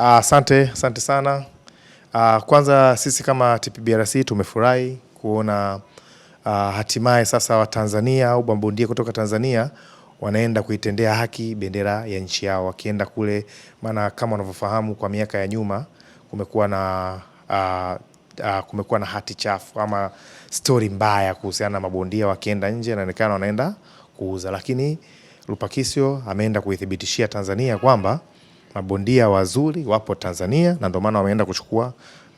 Ah, asante uh, asante sana uh, kwanza sisi kama TPBRC tumefurahi kuona uh, hatimaye sasa Watanzania au mabondia kutoka Tanzania wanaenda kuitendea haki bendera ya nchi yao wakienda kule, maana kama wanavyofahamu kwa miaka ya nyuma kumekuwa na uh, Uh, kumekuwa na hati chafu ama stori mbaya kuhusiana na mabondia wakienda nje, inaonekana wanaenda kuuza, lakini Lupakisyo ameenda kuithibitishia Tanzania kwamba mabondia wazuri wapo Tanzania na ndio maana wameenda kuchukua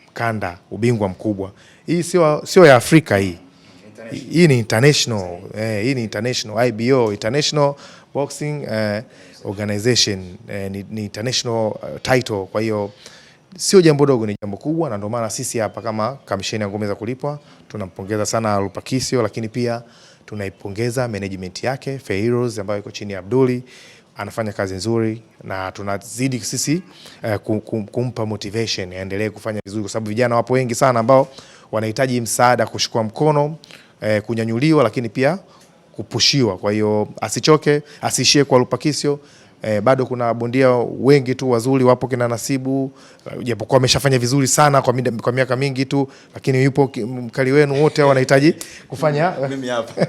mkanda ubingwa mkubwa. Hii sio sio ya Afrika hii. Hii ni international. Eh, hii ni international IBO, International Boxing eh, Organization eh, ni, ni international eh, title. Kwa hiyo sio jambo dogo, ni jambo kubwa, na ndio maana sisi hapa kama kamisheni ya ngome za kulipwa tunampongeza sana Lupakisio, lakini pia tunaipongeza management yake Fair Heroes ambayo iko chini ya Abduli anafanya kazi nzuri na tunazidi sisi eh, kumpa motivation aendelee kufanya vizuri, kwa sababu vijana wapo wengi sana ambao wanahitaji msaada, kushikwa mkono eh, kunyanyuliwa, lakini pia kupushiwa. Kwa hiyo asichoke, asiishie kwa Lupakisyo eh, bado kuna bondia wengi tu wazuri wapo kina Nasibu, japokuwa ameshafanya vizuri sana kwa, mida, kwa miaka mingi tu, lakini yupo mkali wenu wote wanahitaji kufanya mimi hapa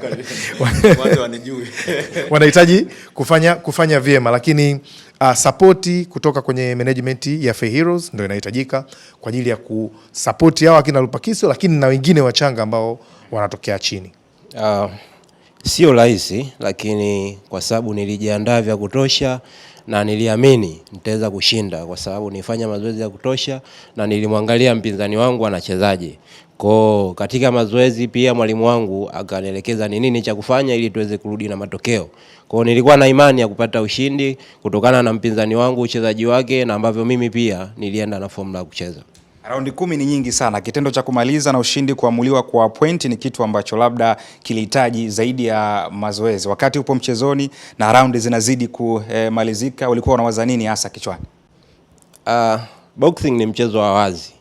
wanijui wanahitaji kufanya, kufanya vyema, lakini uh, ah, sapoti kutoka kwenye management ya Fair Heroes ndio inahitajika kwa ajili ya kusapoti hao akina Lupakiso, lakini na wengine wachanga ambao wanatokea chini uh. Sio rahisi, lakini kwa sababu nilijiandaa vya kutosha na niliamini nitaweza kushinda, kwa sababu nifanya mazoezi ya kutosha na nilimwangalia mpinzani wangu anachezaje. Kwa katika mazoezi pia mwalimu wangu akanielekeza ni nini cha kufanya ili tuweze kurudi na matokeo. Kwa nilikuwa na imani ya kupata ushindi kutokana na mpinzani wangu, uchezaji wake na ambavyo mimi pia nilienda na fomula ya kucheza. Raundi kumi ni nyingi sana. Kitendo cha kumaliza na ushindi kuamuliwa kwa pointi ni kitu ambacho labda kilihitaji zaidi ya mazoezi. Wakati upo mchezoni na raundi zinazidi kumalizika, ulikuwa unawaza nini hasa kichwani? Uh, boxing ni mchezo wa wazi,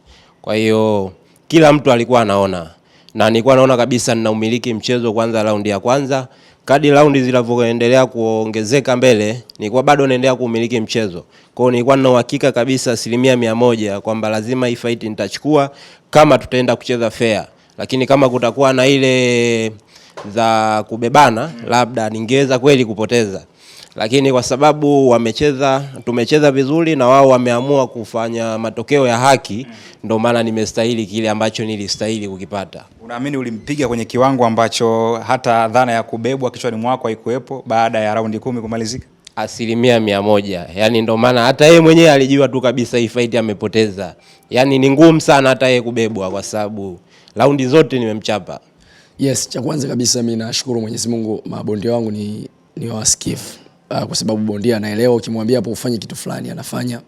kwa hiyo kila mtu alikuwa anaona, na nilikuwa naona kabisa ninaumiliki mchezo kwanza raundi ya kwanza Kadi raundi zinavyoendelea kuongezeka mbele, nilikuwa bado naendelea kuumiliki mchezo. Kwa hiyo nilikuwa na uhakika kabisa asilimia mia moja kwamba lazima hii fight nitachukua kama tutaenda kucheza fair, lakini kama kutakuwa na ile za kubebana, labda ningeweza kweli kupoteza lakini kwa sababu wamecheza, tumecheza vizuri na wao wameamua kufanya matokeo ya haki, ndio maana nimestahili kile ambacho nilistahili kukipata. Unaamini ulimpiga kwenye kiwango ambacho hata dhana ya kubebwa kichwani mwako haikuwepo baada ya raundi kumi kumalizika? Asilimia mia moja. Yani ndio maana hata yeye mwenyewe alijua tu kabisa hii fight amepoteza. Yani ni ngumu sana hata yeye kubebwa, kwa sababu raundi zote nimemchapa. Yes, cha kwanza kabisa mimi nashukuru Mwenyezi Mungu, mabondia wangu ni, ni wasikivu uh, kwa sababu bondia anaelewa, ukimwambia hapo ufanye kitu fulani anafanya.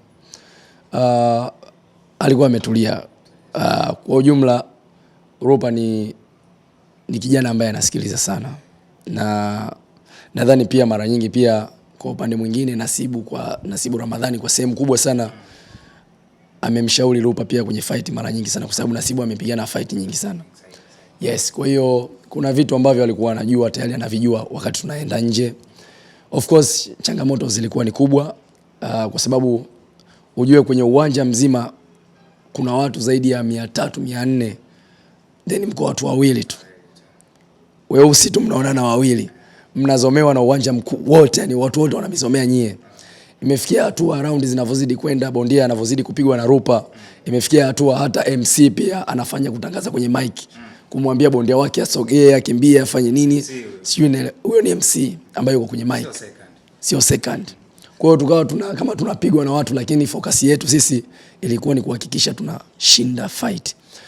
Uh, alikuwa ametulia. Uh, kwa ujumla Ropa ni, ni kijana ambaye anasikiliza sana, na nadhani pia mara nyingi pia kwa upande mwingine Nasibu, kwa Nasibu Ramadhani kwa sehemu kubwa sana amemshauri Rupa pia kwenye fight mara nyingi sana, kwa sababu Nasibu amepigana fight nyingi sana. Yes, kwa hiyo kuna vitu ambavyo alikuwa anajua tayari anavijua wakati tunaenda nje. Of course changamoto zilikuwa ni kubwa uh, kwa sababu ujue kwenye uwanja mzima kuna watu zaidi ya mia tatu mia nne then mko watu wawili tu, weusi tu mnaonana wawili, mnazomewa na uwanja mkuu wote, yani watu wote wanamizomea nyie. Imefikia hatua raundi zinavyozidi kwenda, bondia anavyozidi kupigwa na rupa, imefikia hatua hata MC pia anafanya kutangaza kwenye mic kumwambia bondia wake asogee, akimbie, afanye nini, sio Huyo ni MC ambaye yuko kwenye mic, sio second. Kwa hiyo tukawa tuna kama tunapigwa na watu, lakini focus yetu sisi ilikuwa ni kuhakikisha tunashinda fight.